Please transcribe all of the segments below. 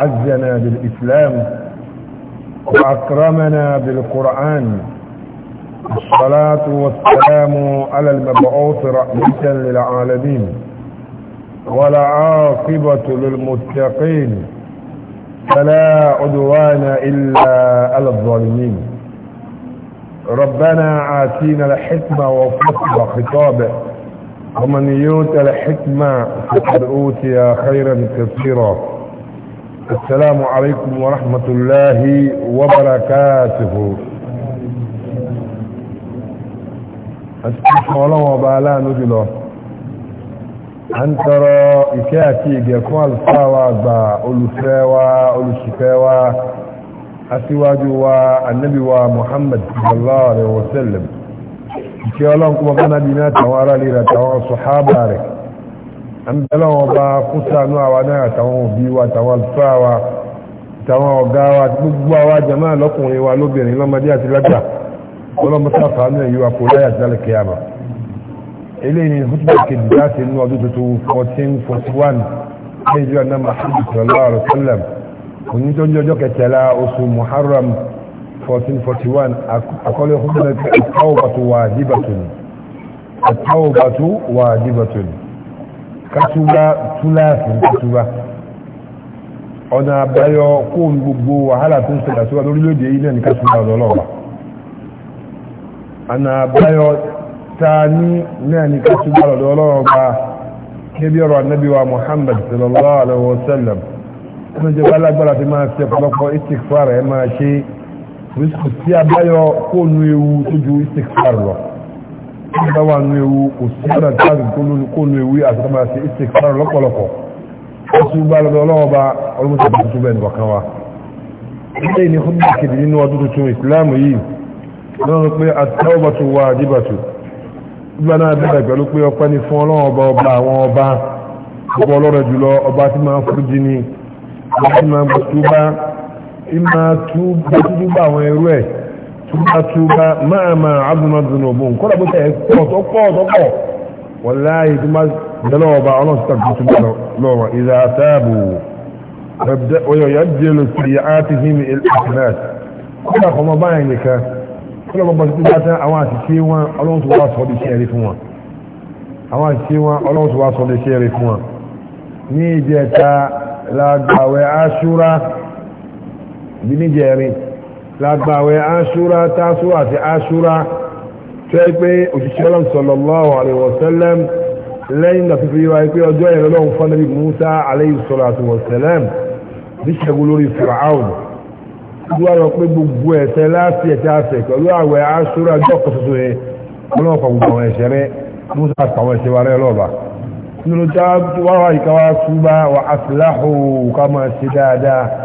عزنا بالإسلام وأكرمنا بالقرآن الصلاة والسلام على المبعوث رحمة للعالمين ولا عاقبة للمتقين فلا عدوان إلا على الظالمين ربنا آتينا الحكمة وفصل خطابه ومن يوت الحكمة فقد أوتي خيرا كثيرا السلام عليكم ورحمة الله وبركاته أتكلم الله وبعلا نجله أن ترى إكاتي يكون الصلاة ألساوى ألسفاوى أسواجوا النبي ومحمد صلى الله عليه وسلم إن شاء الله أنكم أنا بنات وأرى لي رتوى صحابة رك àmìtẹ́lá wọn bá kó sànú àwa náà àtàwọn òbí wa àtàwọn àlùfáà wa àtàwọn ọ̀gá wa àti gbogbo àwa jàmáà lọ́kùnrin wa lóbìnrin lọ́mọdé àti lágbà ọlọ́mọsáfà náà yíwa kò láyà jálẹ̀ kíyàmà eléyìí ni hútùbà kejì láti inú ọdún tuntun 1441 ní ìjọ kátúbá túláàsì ń kátúbá ọ̀nà àbáyọ kóòn gbogbo wàhálà tó ń ṣẹlẹ̀ síwá lórílẹ̀-èdè ilẹ̀ ní kátúbá ọ̀lọ́lọ́wà ọ̀nà àbáyọ ta ní náà ní kátúbá ọ̀lọ́lọ́wà níbi ọ̀rọ̀ anábíwa Muhammad sallallahu alaihi wa sallam ọmọ ìjọba alágbára ti máa ṣe ọ̀pọ̀lọpọ̀ istikfar ẹ̀ máa ṣe orísìkò sí àbáyọ kóòn ewu tó ju istikfar lọ tí bá wà nú ewu kò sí ọ̀nà táàbì kó nú ewu àtàkàmà sí ìsìnkú lọ́pọ̀lọpọ̀ ó tún bá lọ́dọ̀ ọlọ́wọ́ bá ọlọ́mọdé tuntun bẹ́ẹ̀ nìkan wa ilé ní fún ìkéde nínú ọdún tuntun ìsìláàmù yìí wọ́n rọ pé àtẹ́wọ́bàtú wà àdìbàtú gbígbà náà bẹ̀rẹ̀ pẹ̀lú pé ọpẹ́ ni fún ọlọ́wọ́ ọba ọba àwọn àtúbà máa máa àbùnà dùnú bò ń kọ́ra bó tẹ̀ pọ̀ tó pọ̀ tó pọ̀ wọ́n láàyè tó máa dẹ́lọ́ ọba ọlọ́sítà tuntun lọ́wọ́ ìdá àtààbò ọ̀yọ̀yọ̀ jẹ́lò sí àtìhìm ìlànàt kọ́ra kọ́mọ báyìí nìkan kọ́ra bọ́ bọ́sí bá tán àwọn àṣìṣe wọn ọlọ́run tó wá sọ bí iṣẹ́ rí fún wọn àwọn àṣìṣe wọn ọlọ́run tó wá sọ bí iṣẹ́ rí fún wọn ní ìjẹta lágbàwẹ̀ aṣúra bí níjẹrin lágbàwẹ̀ aṣúra tásù àti aṣúra tó ẹ pé òṣìṣẹ́ ọlọ́run sallallahu alaihi wasallam lẹ́yìn náà fífi wáyé pé ọjọ́ ìrìn ọlọ́run fún Nabi Musa alaihi salatu wasallam ní ṣẹ́gun lórí Fir'aun wọ́n lọ pé gbogbo ẹ̀ṣẹ̀ láti ẹ̀ṣẹ̀ àṣẹ pẹ̀lú àwẹ̀ aṣúra ọjọ́ kan tuntun yẹn ọlọ́run pa gbogbo Musa àtàwọn ẹ̀ṣẹ̀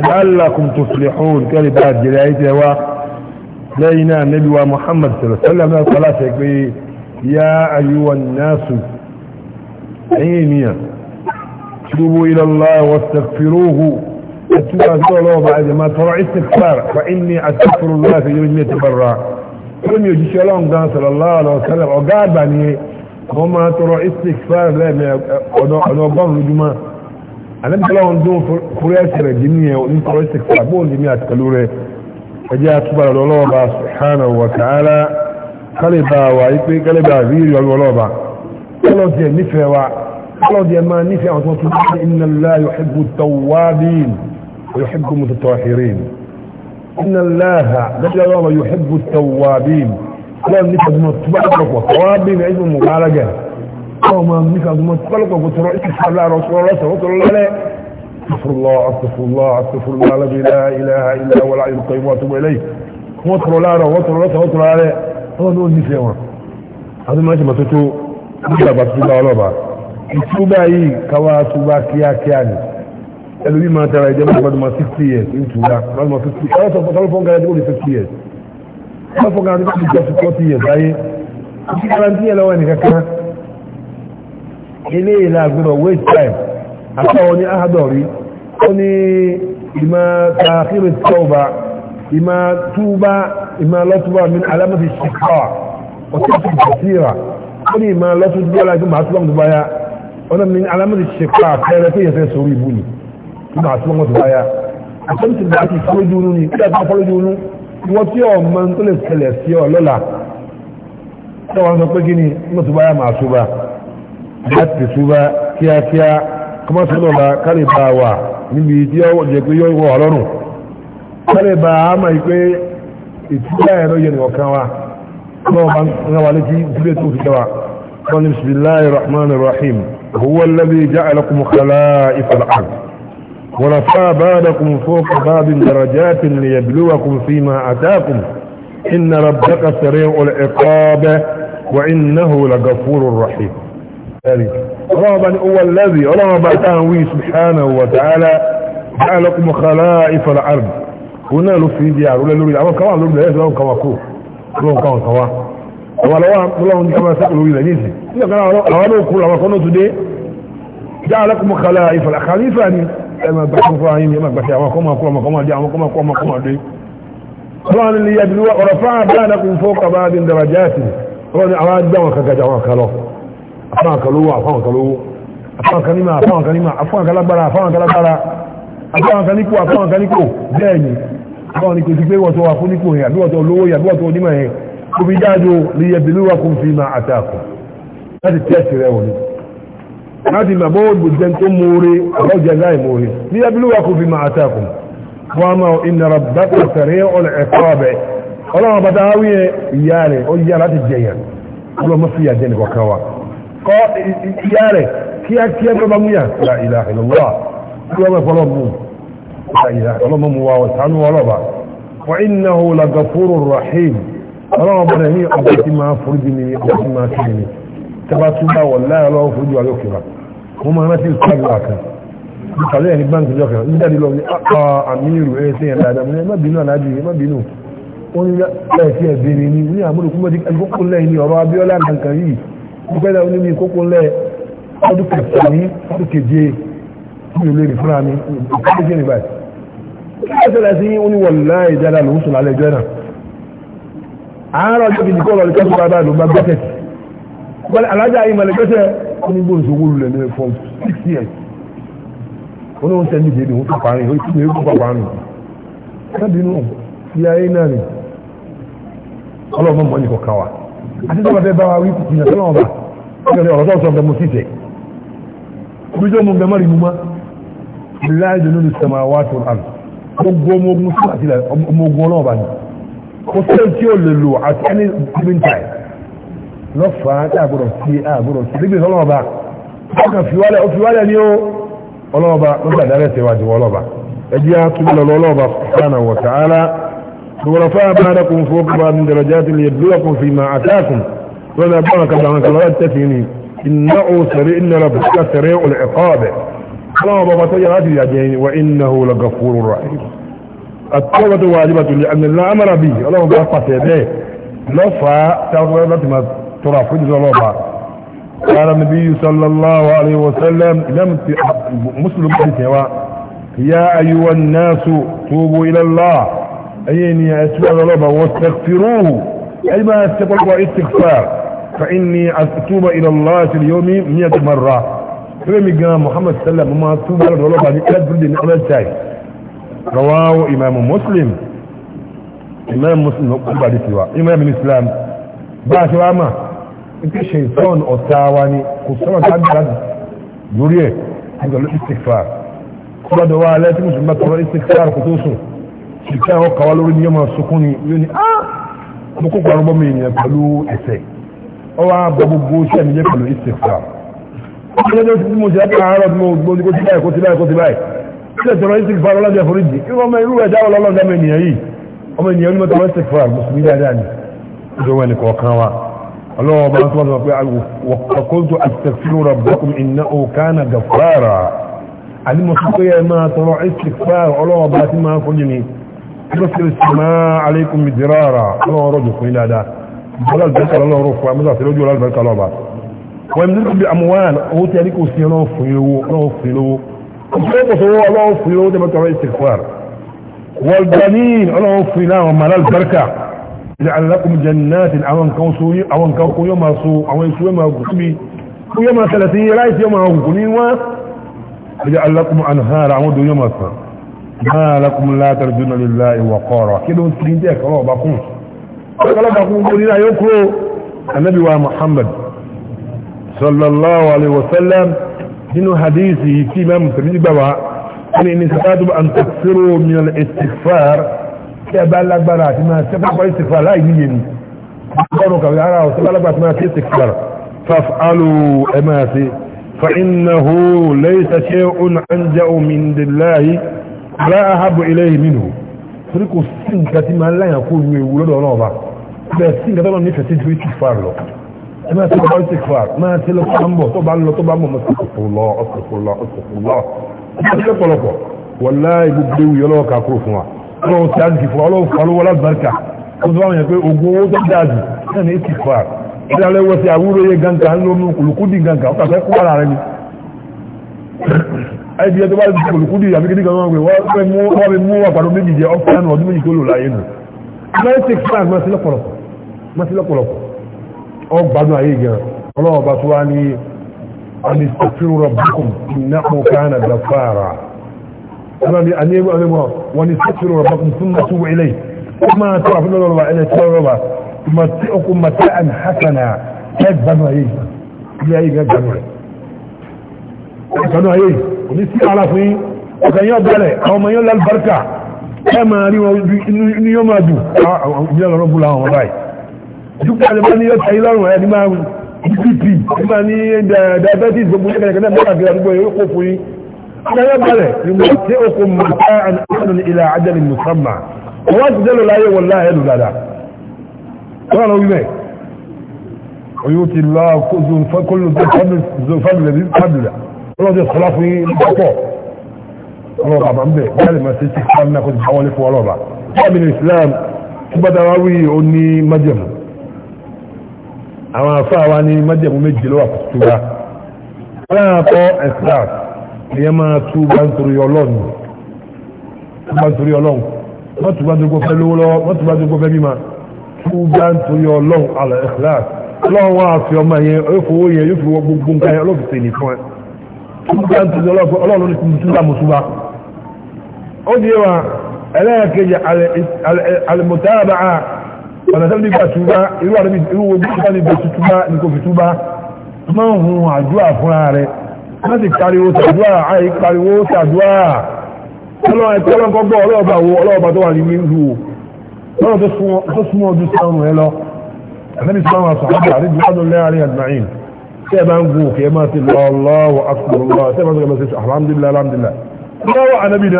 لعلكم تفلحون بعد جلائته و لينا النبي محمد صلى الله عليه وسلم صلاة يا أيها الناس عينيا توبوا إلى الله واستغفروه أتوبوا الله بعد ما ترى استغفار فإني أستغفر الله في يوم يتبرع يجي شلون قال صلى الله عليه وسلم وقال بني وما ترى استغفار لا أنا أقول anábìláwọn dún fúrẹ́ ẹsẹ̀ rẹ̀ jí nìyẹn ní kọ́rọ́ ẹsẹ̀ kí àbóhùn ní àtìkàlú rẹ̀ ẹjẹ́ àtúbà lọ́lọ́ọ̀bà subhanahu wa ta'ala kálíbà wà yí pé kálíbà rí rí ọlọ́ọ̀bà kálọ́ọ̀dì ẹ̀ nífẹ̀ẹ́ wa kálọ́ọ̀dì ẹ̀ máa nífẹ̀ẹ́ àwọn tó tún ní inna Allaha yuhibbu tawwabin wa yuhibbu mutatahhirin inna Allaha dájúdájú àwọn yuhibbu tawwabin kálọ́ọ̀dì nífẹ̀ẹ́ أو ما بك ما تقلق وتروح تسحب على رسول الله صلى الله عليه استغفر الله استغفر الله استغفر الله الذي لا إله إلا هو العلي القيوم وأتوب إليه وتر لا ره وتر له وتر عليه هو نور نسيوان هذا ما جمع تتو بلا بسيطة ولا بعد ìtúbà yìí káwá túbà kíákíá ni ẹlòmí máa tara ìjẹ́ máa gbọdọ̀ máa sixty years ní túbà máa ma fifty ẹ sọ fọtọ́ fọ́n gara dípò ní fifty years ẹ fọ́n gara yẹn lọ́wọ́ ẹnì kankan ilé ìlà àgbẹ̀rọ̀ waste time àtàwọn ní ahadọ̀rí ó ní ìmá tààkiri tọ́ọ̀bá ìmá túbá ìmá lọ́túbá min alamati shikawa ọ̀tọ́tù basira ó ní ìmá lọ́túbá láti máa túbá mọ́tò báyá ọ̀nà min alamati shikawa kẹrẹ tó yẹ fẹ́ sórí ìbú ni máa túbá mọ́tò báyá àtọ́tù láti fọ́lójú nú ni kíkà tó fọ́lójú nú wọ́n láti túbá kíákíá kọmọ́sánàlá kálíbà wà níbi tí ó jẹ́ pé yóò wọ̀ lọ́rùn kálíbà á mọ̀ pé ìtúbá ẹ̀rọ yẹn nìkan wa náà bá ń wà létí ìdílé tó fi dáwà wọ́n ní bisimilahi rahman rahim هو الذي جعلكم خلائف الأرض ورفع بعدكم فوق باب درجات ليبلوكم فيما أتاكم إن ربك سريع العقاب وإنه لغفور رحيم ذلك رغبا هو الذي رغب تنوي سبحانه وتعالى جعلكم خلائف الارض هنا له في ديار ولا له اما كما له لا يسلم كما كو لو كما كما ولو لو كما سقلوا الى نيسي لا كان لو كل ما كنا تدي جعلكم خلائف الخليفه يعني ما بكم فاهم ما بس ما كما كما كما جاء كما كما كما دي قال لي يدلوا ورفع بينكم فوق بعض درجات قال اراد دعوه كجوا كلو afáwọn kan lówó afáwọn kan lówó afáwọn kan nímọ̀ afáwọn kan nímọ̀ afáwọn kan lágbára afáwọn kan lágbára afáwọn kan nípò afáwọn kan nípò bẹ́ẹ̀ ni afáwọn nípò sí pé wọ́n tó wà fún nípò yẹn àbí wọ́n tó lówó yẹn àbí wọ́n tó onímọ̀ yẹn kò fi dáadó lè yẹ bìlú wa kò fi máa àtàkù láti tẹ́sì rẹ̀ wọ̀nyí láti mọ̀ bọ́wọ́ bò jẹun tó mórè àbọ̀ jẹun láì mórè lè ọlọ́run bàtà wíyẹn ìyá rẹ̀ ó yá láti jẹyàn ọlọ́mọ fìyà jẹ́ nìkan kan wa kọ́ ìyá rẹ̀ kíákíá tó bá mú yà la ilaha illallah kí wọ́n bẹ fọlọ́ mú la ilaha ọlọ́mọ mu wa sànú ọlọ́ba wa innahu la gafuru rahim ọlọ́mọ bọ̀dẹ̀ ní ọjọ́ tí máa foríjì ni ọjọ́ tí máa kiri ni tẹ́bá tún bá wọ̀ láyà lọ́wọ́ foríjì wa yóò kira mo máa rántí ìsọ́jú wa kan mo kàlẹ́ yẹn ní báńkì jọ́kẹ́ ah, ah, sí yẹn dáadáa ọ̀rọ̀ Abíọ́lá nǹkan yìí mo fẹ́ dáwọn onímì kókó ńlẹ̀ ọdún kẹta ní ọdún keje mi ò lè rí fúnra mi ọdún keje ní báyìí kí ló ṣẹlẹ̀ sí oníwọ̀lá ìdára lòún sùn lálẹ́ ìjọ náà àárọ̀ ọjọ́ kejì kọ́ lọ́ọ́ lọ́ọ́ bá bá ló bá gbẹ́sẹ̀ pẹ̀lú alájà ìmọ̀lẹ̀ gbẹ́sẹ̀ onígbòròsowó lulẹ̀ ní fọ́ six years oníwọ̀n sẹ́ni ìdè ni wọ́n fà parí ó kúrò ó fà parí kábínú ìyá ayé náà ni ọlọ́mọ mọ́ ní kọ̀ọ̀kan wa àti tó bá fẹ́ bá wa wí kùkù yàn sọ́lọ́wọ́n bá ìgbàlẹ̀ ọ̀rọ̀ sọ́ọ̀sọ̀ ọ̀gbẹ̀ mo sì tẹ̀ ibi tó mú gbẹ mọ́rin mú mọ́ láì dùnú ní sọmọ àwọn àtò àrùn gbogbo ọmọ ogun sí àti ọmọ ogun ọlọ́ọ̀bá ni kò sẹ́yìn tí ó lè lò at any given time lọ́fàá tí àgbọ̀dọ̀ sí àgbọ̀dọ̀ sí nígbè sọ́lọ́ọ̀bá ọkàn fiwálẹ̀ ó fiwálẹ̀ ní ó ọlọ́ọ̀bá lọ́sàdárẹ̀ tẹ̀wájú ọlọ́ọ̀bá ẹjẹ́ á túbọ̀ lọ́lọ́ọ̀bá ورفع باركم فوق بعض من درجات ليبلوكم فيما اتاكم ولا بارك بعض صلوات تثيني انه سريع ان ربك سريع العقاب الله بابا تجراتي يا جين وانه لغفور رحيم التوبة واجبة لأن الله أمر به الله بابا سيديه لفا تغربت ما ترافض الله قال النبي صلى الله عليه وسلم لم مسلم يا أيها الناس توبوا إلى الله أيني أسأل الله واستغفروه أي ما استقلوا استغفار فإني أتوب إلى الله في اليوم مئة مرة فلم يقنا محمد صلى الله عليه وسلم ما أتوب إلى الله بعد كذب لدينا على الشاي رواه إمام مسلم إمام مسلم نقول بعد سوا إمام الإسلام بعد سوا ما أنت شيطان أتاواني كسرة جدا يريه هذا الاستغفار كل دواء لا مسلم ما ترى الاستغفار خصوصا ìfẹ́ àwọn kàwá lórí ní yẹn máa sunkún ni yóò ní ah mo kó parọ́ bọ́mọ ènìyàn pẹ̀lú ẹ̀sẹ̀ ọwọ́ àbọ̀ gbogbo iṣẹ́ mi jẹ́ pẹ̀lú ìsìnkà ọjọ́ tí mo ṣe láti àárọ̀ tí mo gbóni kó ti báyìí kó ti báyìí kó ti báyìí kí lè tọrọ ìsìnkà ọlọ́dẹ foríjì kí ọmọ irú ẹ̀dá ọlọ́dẹ ọmọ ènìyàn yìí ọmọ ènìyàn ní mọ́tò ìsìnkà mùsùlùmí dáadáa ni ìjọba ẹnì kọ̀ọ̀kan wa ọlọ́wọ́ bá ń tọ́ sọ pé wàkọ́kọ́tò àtẹ̀fúrú rabbakum iná òkánà gàfàrà àní pé ẹ máa tọrọ ìsìnkà ọlọ́wọ́ bá ti máa fojú ni يرسل السماء عليكم مدرارا الله رجل إلى دا ولا البركة الله رفع مزا سلوجي ولا البركة الله بعد ويمدلكم بأموال هو تاريك وسيان الله فيلو الله فيلو وصوت صوت الله فيلو ده بتوع الاستغفار والبنين الله فيلا وما البركة جعل لكم جنات أوان كوسوي أوان كوكو يوم أسو أوان سوي ما غبي يوم ثلاثين رايس يوم أغنين وجعل لكم أنهار عمود يوم أسفر ما لكم لا ترجون لله وقارا كده سكين دي كلو باكون كلو باكون كورينا يوكرو النبي محمد صلى الله عليه وسلم إنه حديثه في إمام ترمذي بوا أن إن استطعتم أن تكثروا من الاستغفار كبالغ برات ما سبق الاستغفار لا يجيني قالوا كبالغ وسبق برات ما استغفار فافعلوا أماسي فإنه ليس شيء أنجأ من الله la ahabu ilayhi minhu torí kò sí nǹkan tí máa ń láyàn kó nu ewu lọ́dọ̀ ọlọ́run ọba bẹ́ẹ̀ sí nǹkan tọ́lọ́ nífẹ̀ẹ́ sí ju istighfar lọ ẹ máa tẹ́lẹ̀ bá istighfar máa tẹ́lẹ̀ kó bá ń bọ̀ tó bá ń lọ tó bá ń bọ̀ mọ́ sọ̀kòlọ́ ọ̀sọ̀kòlọ́ ọ̀sọ̀kòlọ́ ọ̀sọ̀kòlọ́ pọ̀lọpọ̀ wallahi gbogbo ewu yọ lọ́wọ́ kakúrò fún wa ọlọ́run ti àjì fún wa ọlọ́run fún alówó alábàárìkà ó sọ wọn yẹn pé ogun owó tó dáa jù náà ní istighfar ìdálẹ́wọ̀ sí àwúrò yẹ gàǹkà ńlọ́mú kùlùkùdì gàǹkà ó kà fẹ́ kó wà lára ni ẹbí ẹjọ́ bá ti kòlùkú dì àbí kíníkan wọn wọ́n fi mú àgbàdo méjì jẹ ọ́fíàánù ọdún méjì tó lò láyé nù nine six five máa sí lọ́pọ̀lọpọ̀ máa sí lọ́pọ̀lọpọ̀ ọ gbádùn ayé gan ọlọ́wọ́ bá tó wá ní àmì sàfihàn rabbakum innahu kana ghaffara ọlọ́ni àníyẹ́gbẹ́ ọlọ́mọ wọn ni sàfihàn rabbakum thumma tubu ilayhi máa tó àfihàn lọ́rọ̀ ẹ̀lẹ́ tí wọ́n rọ̀bà mata'ukum mata'an rẹ̀ gbádùn ayé ní sí ara fún yín ọ̀kẹ́ yóò bẹ̀rẹ̀ àwọn ọmọ yóò lálùbáríkà ẹ máa rí wọn inú yóò máa dùn àwọn ìjọba lọ́rọ̀ bú làwọn ọba yìí dúpọ̀ àti bá ní yóò tẹ̀yí lọ́rùn ẹni máa dp ẹni máa ní diabetes gbogbo ní kẹ̀kẹ́ náà kàkiri àdúgbò yóò kó fún yín ọ̀kẹ́ yóò bẹ̀rẹ̀ ìmọ̀ tí ó kò mọ̀ ọlọ́dẹ sọlá fún yín pọ̀ ọlọ́ba bá ń bẹ̀ bá lè máa ṣe tí kí wọ́n kò ti dáwọ́lé fún ọlọ́ba báàbí ní Islam tí bá dára wí ó ní májẹ̀mú àwọn afáà wa ní májẹ̀mú méjì ló wà fún túbá ọlọ́run akọ Islam ìyẹn máa túbá nítorí ọlọ́run túbá nítorí ọlọ́run wọ́n túbá nítorí kò fẹ́ lówó lọ́wọ́ wọ́n túbá nítorí kò fẹ́ bímọ túbá nítorí ọlọ́run Islam ọlọ́run wà ọmọ yẹn ó fowó yẹn yóò fi wọ gbogbo nǹkan yẹn ọlọ́run túbá ń tẹ̀lé ọlọ́run ní túbá mùsùlùmá ó di wa ẹlẹ́ẹ̀kejì alìmọ̀tàbà ọ̀nà tẹ́lẹ̀ nígbà túbá irú àdébí irú wo túbá ní bẹ̀rẹ̀ túbá ní kò fi túbá máa ń hun àdúrà fúnra rẹ̀ má sì pariwo tàdúrà àì pariwo tàdúrà ọlọ́run ẹ̀kọ́ ọlọ́run kọ́ gbọ́ ọlọ́ọ̀bà wo ọlọ́ọ̀bà tó wà ní tẹ́ bá ń gùn kí ẹ máa ti lọ Allahu akbar Allah tẹ́ bá ń gùn kí alhamdulillah alhamdulillah lọ́wọ́ anábì ní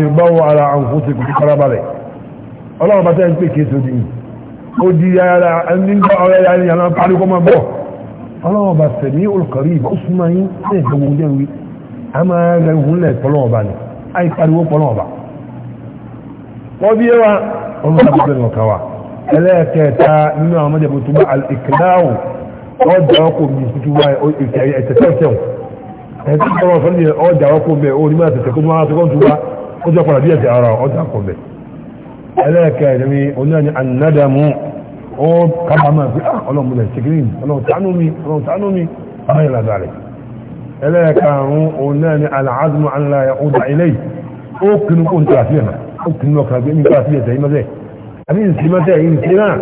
ìgbọ́wọ́ ara àǹfó ti kùtù kára balẹ̀ ọlọ́run bá tẹ́ ń pè kéèso di ó di ara ẹni ń gbọ́ ọ̀rẹ́ ya ni àwọn paríkọ máa bọ̀ ọlọ́run bá sẹ̀mí olùkọ́rí ìbá ó súnmọ́ yín ní ìgbọ́wọ́ jẹ́ wí a máa rẹ̀ ìhúnlẹ̀ pọ́lọ́wọ́ bá ní àì pariwo pọ́lọ́wọ́ bá wọ́n bí wa ọlọ́run bá tẹ́ ń lọ káwa ẹlẹ́ẹ̀kẹta nínú àwọn mọ́jẹ̀bùtúmọ̀ al-iqla'u ọjà ọkọ mi tuntun wa ẹ̀tẹ̀tẹ̀ ọ̀tẹ̀wò ẹ̀tẹ̀ ọ̀rọ̀ ọ̀fẹ́ ni ọjà ọkọ mi ò ní máa tẹ̀tẹ̀ kó máa tẹ̀kọ́ tu wa ó jọ padà bí ẹ̀tẹ̀ ara ọjà ọkọ mi ẹlẹ́ẹ̀kẹ́ ẹ̀rẹ́mi oníyàn ni ànádàmú ó kábàámà pé ah, ọlọ́mùlẹ̀ ṣèkìrín ọlọ́tánú mi ọlọ́tánú mi báyìí làdà rẹ̀ ẹlẹ́ẹ̀karùn-ún oníyàn ni àlàázùmọ̀ ànlá ọjà ilé ó kinu kó n tàfíà ó kinu ọkà gbé mi tàfíà tẹ̀yìn mọ́tẹ̀ àbí ìsìn mọ́tẹ̀ ìsìn náà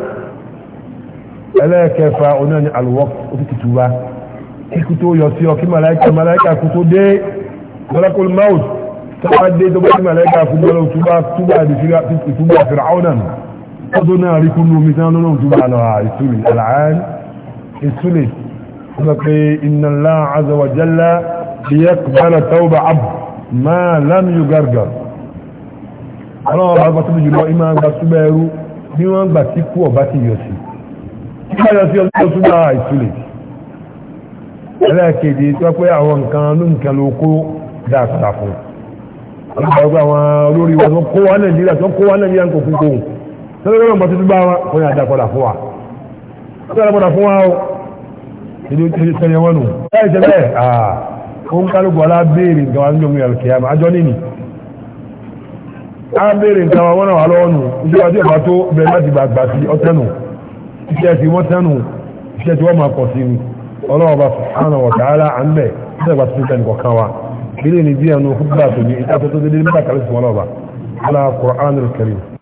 ẹlẹ́ẹ̀kẹfà oná ni alwọ́k òtútù wa kíkú tó yọ sí ọ kí màláìka màláìka kú tó dé mọ́lákùn maut tọ́wọ́ dé tó bá kí màláìka kú tó lọ́wọ́ túbá túbá ìtúbá fìràwọ́nà ó tó náà rí kúnnú omi sáà lọ́nà túbá lọ ìsúlẹ̀ àlàáyán ìsúlẹ̀ kuma pé iná láà azawajalla liyẹ́ kùbálà tọ́wọ́ abu máa lámìyù gargar ọlọ́wọ́ bá gbà tó jùlọ ìmọ̀ àgbà túbẹ̀rú bí wọ́n gbà tí kú ọ̀bá ti yọ sí i báyọ̀ sí ọjọ́ tó bá ìtúlẹ̀ ẹlẹ́ẹ̀kejì tó pé àwọn nǹkan ló nǹkan ló kó dáadáa fún ọlọ́pàá àwọn olórí wọn tó kó wá nàìjíríà tó kó wá nàìjíríà kò fún kóhùn tọ́lọ́gbọ́n náà bọ́tí tó bá wá wọ́n yà dá padà fún wa wọ́n yà dá padà fún wa o ìdí ìdí sẹ́yìn wọn nù báyìí ṣe bẹ́ẹ̀ àà ó ń kálukú ọlá béèrè nǹkan wa ń jọ múyà kìí àmà àjọ nínì á béèrè nǹkan wa wọ́n náà wà lọ́wọ́ nù ìjọba tí ìbá iṣẹ́ tí wọ́n tẹ́nu iṣẹ́ tí wọ́n máa pọ̀ sí ni ọlọ́ọ̀bá sùhánà wọ̀tàálà à ń bẹ̀ sẹ́gbà sí ìtàn kọ̀ọ̀kan wa ilé ni bí ẹnu fúgbà tó ní ìtàkùn tó dédé nígbà kàlẹ́sì wọn lọ́ọ̀bá alá kùránù kẹrin